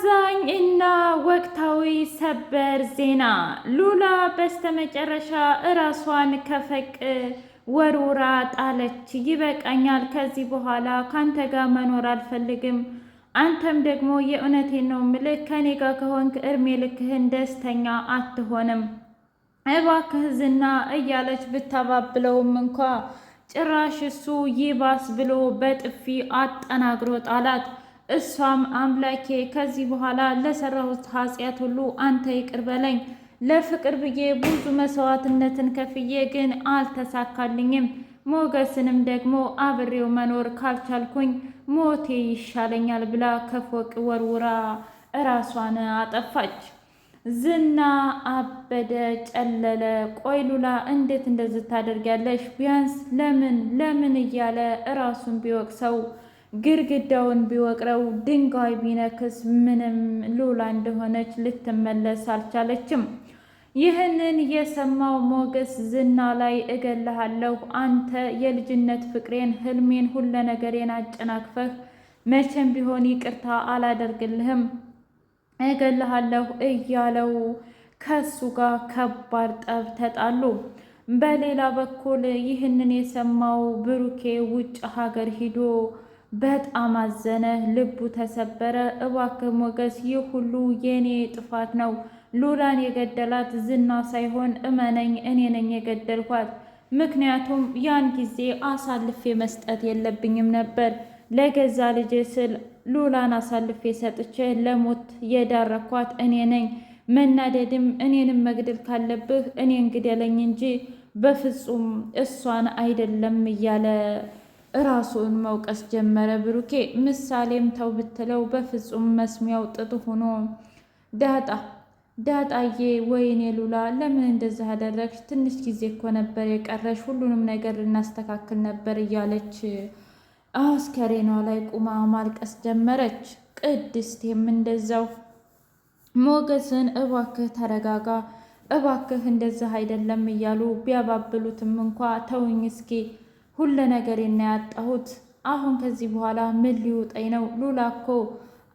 አሳዛኝ እና ወቅታዊ ሰበር ዜና ሉላ በስተመጨረሻ እራሷን ከፈቅ ወርውራ ጣለች። ይበቃኛል፣ ከዚህ በኋላ ካንተ ጋር መኖር አልፈልግም። አንተም ደግሞ የእውነቴን ነው ምልክ ከኔ ጋር ከሆንክ እድሜ ልክህን ደስተኛ አትሆንም፣ እባክህ ዝና እያለች ብታባብለውም እንኳ ጭራሽ እሱ ይባስ ብሎ በጥፊ አጠናግሮ ጣላት። እሷም አምላኬ ከዚህ በኋላ ለሰራሁት ኃጢአት ሁሉ አንተ ይቅር በለኝ። ለፍቅር ብዬ ብዙ መስዋዕትነትን ከፍዬ ግን አልተሳካልኝም። ሞገስንም ደግሞ አብሬው መኖር ካልቻልኩኝ ሞቴ ይሻለኛል ብላ ከፎቅ ወርውራ እራሷን አጠፋች። ዝና አበደ፣ ጨለለ። ቆይ ሉላ እንዴት እንደዚህ ታደርጊያለሽ? ቢያንስ ለምን ለምን እያለ እራሱን ቢወቅሰው ግድግዳውን ቢወቅረው ድንጋይ ቢነክስ ምንም ሉላ እንደሆነች ልትመለስ አልቻለችም። ይህንን የሰማው ሞገስ ዝና ላይ እገልሃለሁ፣ አንተ የልጅነት ፍቅሬን፣ ህልሜን፣ ሁለ ነገሬን አጨናቅፈህ መቼም ቢሆን ይቅርታ አላደርግልህም፣ እገልሃለሁ እያለው ከሱ ጋር ከባድ ጠብ ተጣሉ። በሌላ በኩል ይህንን የሰማው ብሩኬ ውጭ ሀገር ሂዶ በጣም አዘነ፣ ልቡ ተሰበረ። እባክህ ሞገስ፣ ይህ ሁሉ የእኔ ጥፋት ነው። ሉላን የገደላት ዝና ሳይሆን እመነኝ፣ እኔ ነኝ የገደልኳት። ምክንያቱም ያን ጊዜ አሳልፌ መስጠት የለብኝም ነበር። ለገዛ ልጄ ስል ሉላን አሳልፌ ሰጥቼ ለሞት የዳረኳት እኔ ነኝ። መናደድም እኔንም መግደል ካለብህ እኔን ግደለኝ እንጂ በፍጹም እሷን አይደለም እያለ ራሱን መውቀስ ጀመረ ብሩኬ። ምሳሌም ተው ብትለው በፍጹም መስሚያው ጥጥ ሆኖ ዳጣ ዳጣዬ ወይኔ ሉላ ለምን እንደዚህ አደረግሽ? ትንሽ ጊዜ እኮ ነበር የቀረሽ፣ ሁሉንም ነገር ልናስተካክል ነበር እያለች አስከሬኗ ላይ ቁማ ማልቀስ ጀመረች። ቅድስቴም እንደዛው ሞገስን እባክህ ተረጋጋ፣ እባክህ እንደዚህ አይደለም እያሉ ቢያባብሉትም እንኳ ተውኝ እስኪ ሁለ ነገር ያጣሁት አሁን ከዚህ በኋላ ምን ሊውጠኝ ነው? ሉላ እኮ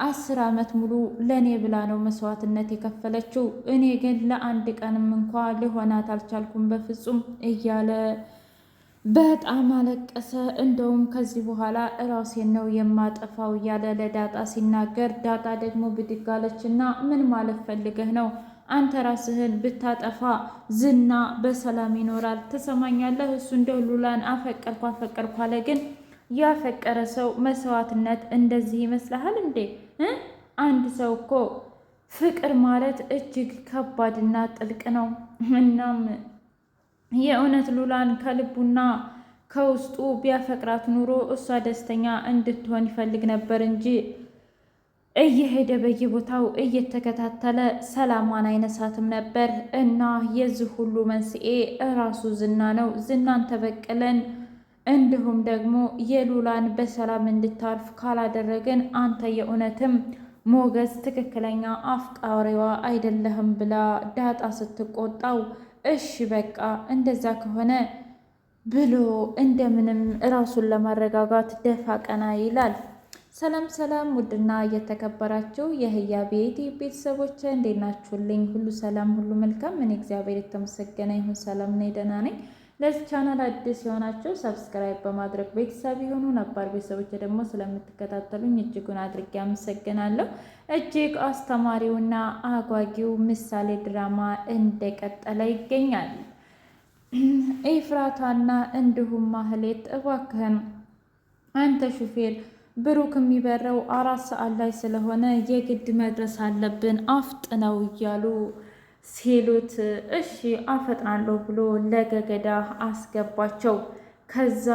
አስር ዓመት ሙሉ ለእኔ ብላ ነው መስዋዕትነት የከፈለችው። እኔ ግን ለአንድ ቀንም እንኳ ልሆናት አልቻልኩም በፍጹም እያለ በጣም አለቀሰ። እንደውም ከዚህ በኋላ እራሴን ነው የማጠፋው እያለ ለዳጣ ሲናገር፣ ዳጣ ደግሞ ብድግ አለችና ምን ማለት ፈልገህ ነው አንተ ራስህን ብታጠፋ ዝና በሰላም ይኖራል። ትሰማኛለህ? እሱ እንደ ሉላን አፈቀርኩ አፈቀርኩ አለ። ግን ያፈቀረ ሰው መስዋዕትነት እንደዚህ ይመስልሃል እንዴ? አንድ ሰው እኮ ፍቅር ማለት እጅግ ከባድና ጥልቅ ነው። እናም የእውነት ሉላን ከልቡና ከውስጡ ቢያፈቅራት ኑሮ እሷ ደስተኛ እንድትሆን ይፈልግ ነበር እንጂ እየሄደ በየቦታው እየተከታተለ ሰላሟን አይነሳትም ነበር እና የዚህ ሁሉ መንስኤ እራሱ ዝና ነው። ዝናን ተበቅለን እንዲሁም ደግሞ የሉላን በሰላም እንድታርፍ ካላደረግን አንተ የእውነትም ሞገስ ትክክለኛ አፍቃሪዋ አይደለህም ብላ ዳጣ ስትቆጣው፣ እሺ በቃ እንደዛ ከሆነ ብሎ እንደምንም እራሱን ለማረጋጋት ደፋ ቀና ይላል። ሰላም ሰላም፣ ውድና እየተከበራችሁ የህያ ቤት ቤተሰቦች እንዴት ናችሁልኝ? ሁሉ ሰላም፣ ሁሉ መልካም። እኔ እግዚአብሔር የተመሰገነ ይሁን ሰላም ነኝ፣ ደህና ነኝ። ለዚህ ቻናል አዲስ የሆናችሁ ሰብስክራይብ በማድረግ ቤተሰብ የሆኑ ነባር ቤተሰቦች ደግሞ ስለምትከታተሉኝ እጅጉን አድርጌ አመሰግናለሁ። እጅግ አስተማሪውና አጓጊው ምሳሌ ድራማ እንደቀጠለ ይገኛል። ኤፍራታና እንዲሁም ማህሌት እባክህን አንተ ሹፌር ብሩክ የሚበረው አራት ሰዓት ላይ ስለሆነ የግድ መድረስ አለብን አፍጥነው እያሉ ሲሉት እሺ አፈጥናለሁ ብሎ ለገገዳ አስገባቸው። ከዛ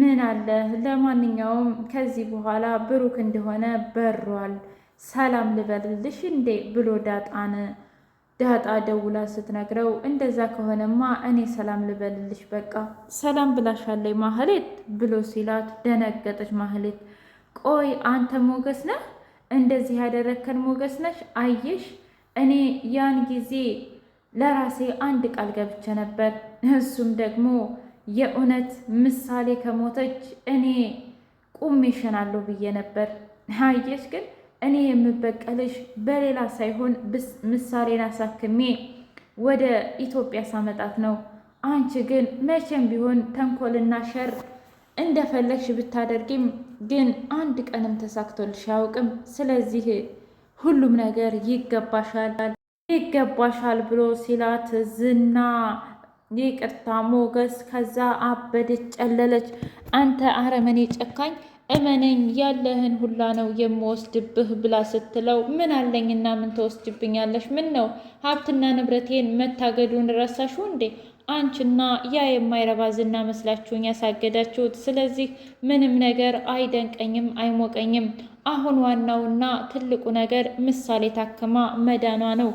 ምን አለ ለማንኛውም ከዚህ በኋላ ብሩክ እንደሆነ በሯል። ሰላም ልበልልሽ እንዴ ብሎ ዳጣን ዳጣ ደውላ ስትነግረው እንደዛ ከሆነማ እኔ ሰላም ልበልልሽ፣ በቃ ሰላም ብላሻለይ ማህሌት ብሎ ሲላት ደነገጠች። ማህሌት ቆይ አንተ ሞገስ ነህ እንደዚህ ያደረግከን ሞገስ ነሽ? አየሽ እኔ ያን ጊዜ ለራሴ አንድ ቃል ገብቼ ነበር። እሱም ደግሞ የእውነት ምሳሌ ከሞተች እኔ ቁሜ እሸናለሁ ብዬ ነበር። አየሽ ግን እኔ የምበቀልሽ በሌላ ሳይሆን ምሳሌን አሳክሜ ወደ ኢትዮጵያ ሳመጣት ነው። አንቺ ግን መቼም ቢሆን ተንኮልና ሸር እንደፈለግሽ ብታደርጊም ግን አንድ ቀንም ተሳክቶልሽ አያውቅም። ስለዚህ ሁሉም ነገር ይገባሻል ይገባሻል ብሎ ሲላት ዝና ይቅርታ ሞገስ፣ ከዛ አበደች፣ ጨለለች። አንተ አረመኔ ጨካኝ እመነኝ ያለህን ሁላ ነው የምወስድብህ ብላ ስትለው ምን አለኝና ምን ተወስድብኛለሽ? ምን ነው ሀብትና ንብረቴን መታገዱን ረሳሹ እንዴ? አንቺና ያ የማይረባ ዝና መስላችሁኝ ያሳገዳችሁት። ስለዚህ ምንም ነገር አይደንቀኝም፣ አይሞቀኝም። አሁን ዋናውና ትልቁ ነገር ምሳሌ ታክማ መዳኗ ነው።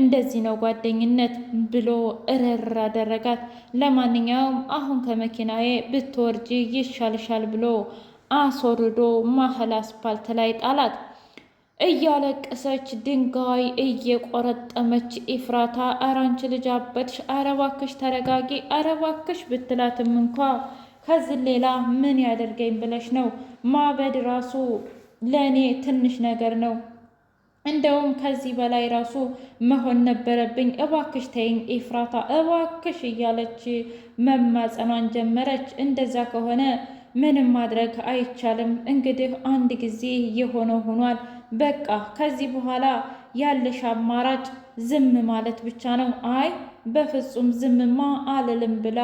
እንደዚህ ነው ጓደኝነት ብሎ እርር አደረጋት። ለማንኛውም አሁን ከመኪናዬ ብትወርጂ ይሻልሻል ብሎ አስወርዶ መሀል አስፓልት ላይ ጣላት። እያለቀሰች ድንጋይ እየቆረጠመች ኢፍራታ አራንች አንቺ ልጅ አበድሽ፣ ተረጋጊ፣ አረባክሽ ብትላትም እንኳ ከዚህ ሌላ ምን ያደርገኝ ብለሽ ነው? ማበድ ራሱ ለእኔ ትንሽ ነገር ነው። እንደውም ከዚህ በላይ ራሱ መሆን ነበረብኝ። እባክሽ ተይኝ ኢፍራታ፣ እባክሽ እያለች መማጸኗን ጀመረች። እንደዛ ከሆነ ምንም ማድረግ አይቻልም። እንግዲህ አንድ ጊዜ የሆነው ሆኗል። በቃ ከዚህ በኋላ ያለሽ አማራጭ ዝም ማለት ብቻ ነው። አይ በፍጹም ዝምማ አልልም ብላ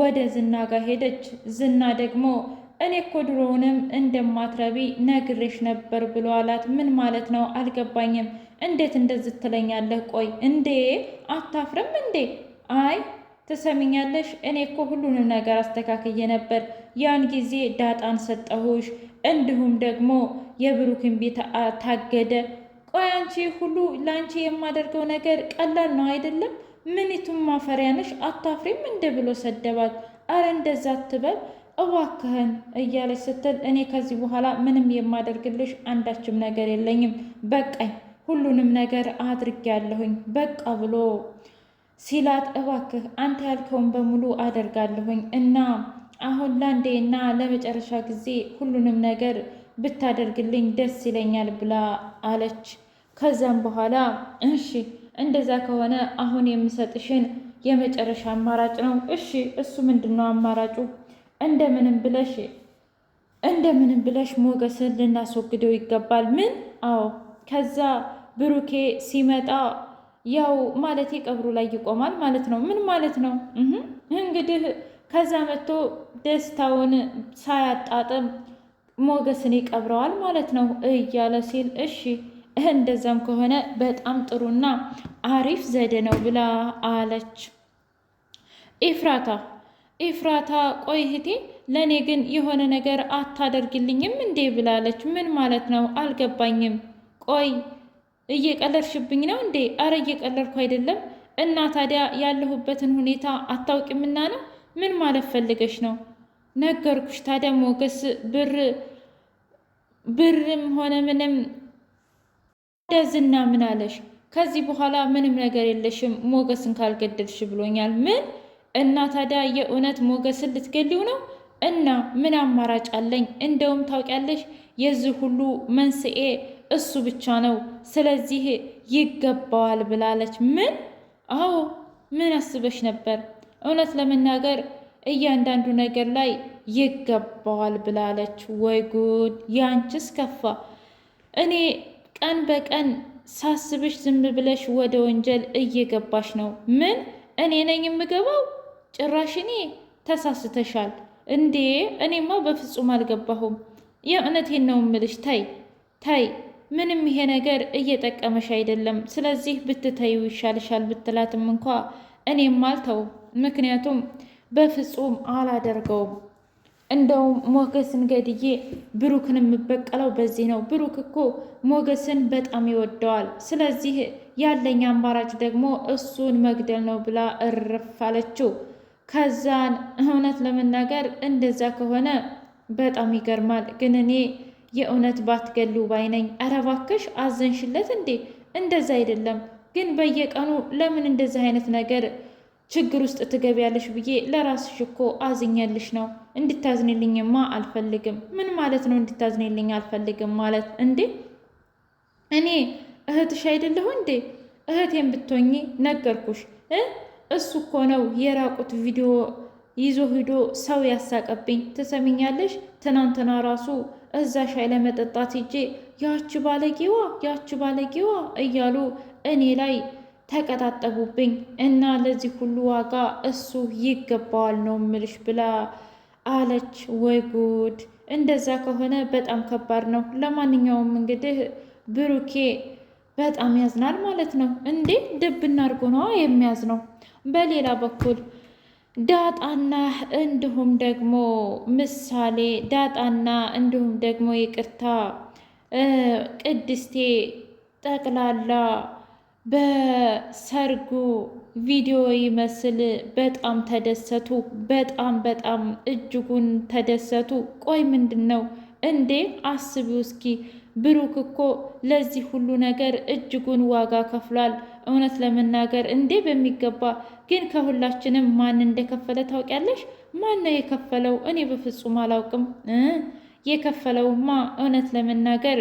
ወደ ዝና ጋር ሄደች። ዝና ደግሞ እኔ እኮ ድሮውንም እንደማትረቢ ነግሬሽ ነበር ብሎ አላት። ምን ማለት ነው አልገባኝም። እንዴት እንደዚህ ትለኛለህ? ቆይ እንዴ አታፍርም እንዴ? አይ ትሰሚኛለሽ? እኔ እኮ ሁሉንም ነገር አስተካክዬ ነበር። ያን ጊዜ ዳጣን ሰጠሁሽ፣ እንዲሁም ደግሞ የብሩክን ቤት ታገደ። ቆይ አንቺ ሁሉ ለአንቺ የማደርገው ነገር ቀላል ነው አይደለም? ምኒቱም ማፈሪያ ነሽ፣ አታፍሪም እንደ ብሎ ሰደባት። አረ እንደዛ አትበል እዋክህን እያለች ስትል እኔ ከዚህ በኋላ ምንም የማደርግልሽ አንዳችም ነገር የለኝም፣ በቃኝ፣ ሁሉንም ነገር አድርጌያለሁኝ በቃ ብሎ ሲላት እባክህ አንተ ያልከውን በሙሉ አደርጋለሁኝ እና አሁን ላንዴ እና ለመጨረሻ ጊዜ ሁሉንም ነገር ብታደርግልኝ ደስ ይለኛል ብላ አለች። ከዛም በኋላ እሺ እንደዛ ከሆነ አሁን የምሰጥሽን የመጨረሻ አማራጭ ነው። እሺ እሱ ምንድን ነው አማራጩ? እንደምንም ብለሽ እንደምንም ብለሽ ሞገስን ልናስወግደው ይገባል። ምን? አዎ ከዛ ብሩኬ ሲመጣ ያው ማለት ቀብሩ ላይ ይቆማል ማለት ነው። ምን ማለት ነው እንግዲህ ከዛ መጥቶ ደስታውን ሳያጣጥም ሞገስን ይቀብረዋል ማለት ነው እያለ ሲል እሺ እንደዛም ከሆነ በጣም ጥሩና አሪፍ ዘዴ ነው ብላ አለች ኤፍራታ። ኤፍራታ ቆይ እህቴ፣ ለእኔ ግን የሆነ ነገር አታደርግልኝም እንዴ ብላለች። ምን ማለት ነው አልገባኝም። ቆይ እየቀለድሽብኝ ነው እንዴ? አረ እየቀለድኩ አይደለም። እና ታዲያ ያለሁበትን ሁኔታ አታውቂምና ነው? ምን ማለት ፈልገሽ ነው? ነገርኩሽ። ታዲያ ሞገስ ብር ብርም ሆነ ምንም ዝና ምን አለሽ? ከዚህ በኋላ ምንም ነገር የለሽም ሞገስን ካልገደልሽ ብሎኛል። ምን እና ታዲያ የእውነት ሞገስን ልትገሊው ነው? እና ምን አማራጭ አለኝ? እንደውም ታውቂያለሽ የዚህ ሁሉ መንስኤ እሱ ብቻ ነው። ስለዚህ ይገባዋል ብላለች። ምን? አዎ። ምን አስበሽ ነበር? እውነት ለመናገር እያንዳንዱ ነገር ላይ ይገባዋል ብላለች። ወይ ጉድ! ያንቺስ ከፋ። እኔ ቀን በቀን ሳስብሽ ዝም ብለሽ ወደ ወንጀል እየገባሽ ነው። ምን? እኔ ነኝ የምገባው? ጭራሽ እኔ ተሳስተሻል እንዴ! እኔማ በፍጹም አልገባሁም። የእውነቴን ነው እምልሽ። ታይ ታይ ምንም ይሄ ነገር እየጠቀመሽ አይደለም፣ ስለዚህ ብትተዩ ይሻልሻል ብትላትም እንኳ እኔም አልተው፣ ምክንያቱም በፍጹም አላደርገውም። እንደውም ሞገስን ገድዬ ብሩክን የምበቀለው በዚህ ነው። ብሩክ እኮ ሞገስን በጣም ይወደዋል። ስለዚህ ያለኝ አማራጭ ደግሞ እሱን መግደል ነው ብላ እርፍ አለችው። ከዛን እውነት ለመናገር እንደዛ ከሆነ በጣም ይገርማል፣ ግን እኔ የእውነት ባትገሉ ባይነኝ። ኧረ እባክሽ አዘንሽለት እንዴ? እንደዛ አይደለም ግን በየቀኑ ለምን እንደዚህ አይነት ነገር ችግር ውስጥ ትገቢያለሽ ብዬ ለራስሽ እኮ አዝኛልሽ ነው። እንድታዝንልኝማ አልፈልግም። ምን ማለት ነው እንድታዝንልኝ አልፈልግም ማለት? እንዴ እኔ እህትሽ አይደለሁ እንዴ? እህቴን ብትሆኚ ነገርኩሽ። እሱ እኮ ነው የራቁት ቪዲዮ ይዞ ሂዶ ሰው ያሳቀብኝ። ትሰሚኛለሽ? ትናንትና ራሱ እዛ ሻይ ለመጠጣት ሂጄ ያች ባለጌዋ ያች ባለጌዋ እያሉ እኔ ላይ ተቀጣጠቡብኝ እና ለዚህ ሁሉ ዋጋ እሱ ይገባዋል ነው ምልሽ ብላ አለች። ወይ ጉድ! እንደዛ ከሆነ በጣም ከባድ ነው። ለማንኛውም እንግዲህ ብሩኬ በጣም ያዝናል ማለት ነው። እንዴ ድብና አድርጎ ነዋ የሚያዝ ነው። በሌላ በኩል ዳጣና እንዲሁም ደግሞ ምሳሌ ዳጣና እንዲሁም ደግሞ ይቅርታ ቅድስቴ ጠቅላላ በሰርጉ ቪዲዮ ይመስል በጣም ተደሰቱ። በጣም በጣም እጅጉን ተደሰቱ። ቆይ ምንድን ነው እንዴ አስቢው እስኪ ብሩክ እኮ ለዚህ ሁሉ ነገር እጅጉን ዋጋ ከፍሏል። እውነት ለመናገር እንዴ በሚገባ ግን ከሁላችንም ማን እንደከፈለ ታውቂያለሽ? ማን ነው የከፈለው? እኔ በፍጹም አላውቅም። የከፈለውማ እውነት ለመናገር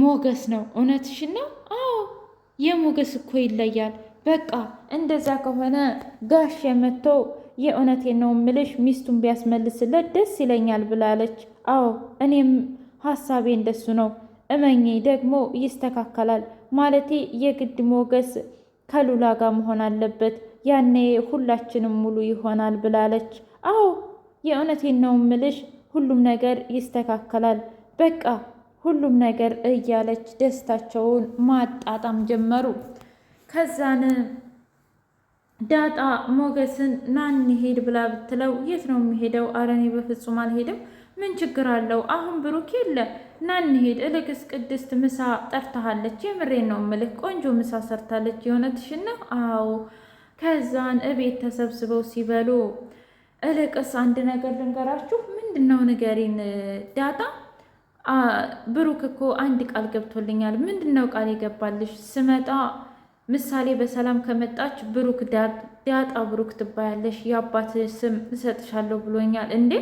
ሞገስ ነው። እውነትሽ ነው? አዎ የሞገስ እኮ ይለያል። በቃ እንደዛ ከሆነ ጋሽ መጥተው የእውነቴን ነው ምልሽ ሚስቱን ቢያስመልስለት ደስ ይለኛል ብላለች። አዎ እኔም ሀሳቤ እንደሱ ነው። እመኜ ደግሞ ይስተካከላል። ማለቴ የግድ ሞገስ ከሉላ ጋር መሆን አለበት፣ ያኔ ሁላችንም ሙሉ ይሆናል ብላለች። አዎ የእውነቴን ነው ምልሽ ሁሉም ነገር ይስተካከላል። በቃ ሁሉም ነገር እያለች ደስታቸውን ማጣጣም ጀመሩ። ከዛን ዳጣ ሞገስን ና እንሄድ ብላ ብትለው የት ነው የሚሄደው? አረ እኔ በፍጹም አልሄድም። ምን ችግር አለው? አሁን ብሩክ የለ ና እንሄድ። እልቅስ ቅድስት ምሳ ጠርታሃለች። የምሬን ነው ምልክ፣ ቆንጆ ምሳ ሰርታለች። የእውነትሽን ነው? አዎ። ከዛን እቤት ተሰብስበው ሲበሉ እልቅስ አንድ ነገር ልንገራችሁ። ምንድን ነው? ንገሪን ዳጣ ብሩክ እኮ አንድ ቃል ገብቶልኛል። ምንድን ነው ቃል የገባልሽ? ስመጣ ምሳሌ በሰላም ከመጣች ብሩክ ዳጣ ብሩክ ትባያለሽ፣ የአባት ስም እሰጥሻለሁ ብሎኛል። እንዴ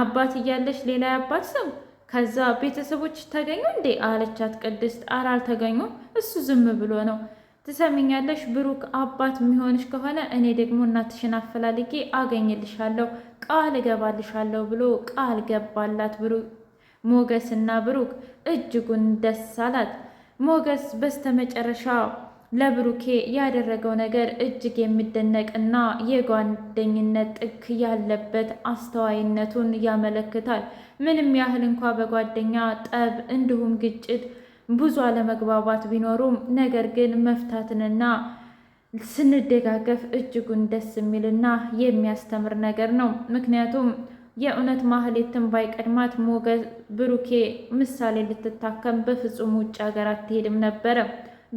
አባት እያለሽ ሌላ የአባት ስም ከዛ ቤተሰቦች ተገኙ እንዴ አለቻት ቅድስት። ኧረ አልተገኙም፣ እሱ ዝም ብሎ ነው። ትሰሚኛለሽ ብሩክ አባት የሚሆንሽ ከሆነ እኔ ደግሞ እናትሽን አፈላልጌ አገኝልሻለሁ፣ ቃል እገባልሻለሁ ብሎ ቃል ገባላት። ብሩክ እና ብሩክ እጅጉን ደስ አላት። ሞገስ በስተመጨረሻ ለብሩኬ ያደረገው ነገር እጅግ የሚደነቅና የጓደኝነት ጥግ ያለበት አስተዋይነቱን ያመለክታል። ምንም ያህል እንኳ በጓደኛ ጠብ እንዲሁም ግጭት ብዙ አለመግባባት ቢኖሩም ነገር ግን መፍታትንና ስንደጋገፍ እጅጉን ደስ የሚልና የሚያስተምር ነገር ነው። ምክንያቱም የእውነት ማህሌትን ባይቀድማት ሞገስ ብሩኬ ምሳሌ ልትታከም በፍጹም ውጭ ሀገር አትሄድም ነበረ።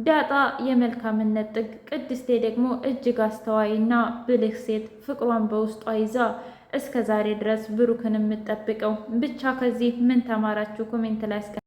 ዳጣ የመልካምነት ጥግ፣ ቅድስቴ ደግሞ እጅግ አስተዋይና ብልህ ሴት ፍቅሯን በውስጧ ይዛ እስከ ዛሬ ድረስ ብሩክን የምጠብቀው ብቻ። ከዚህ ምን ተማራችሁ? ኮሜንት ላይ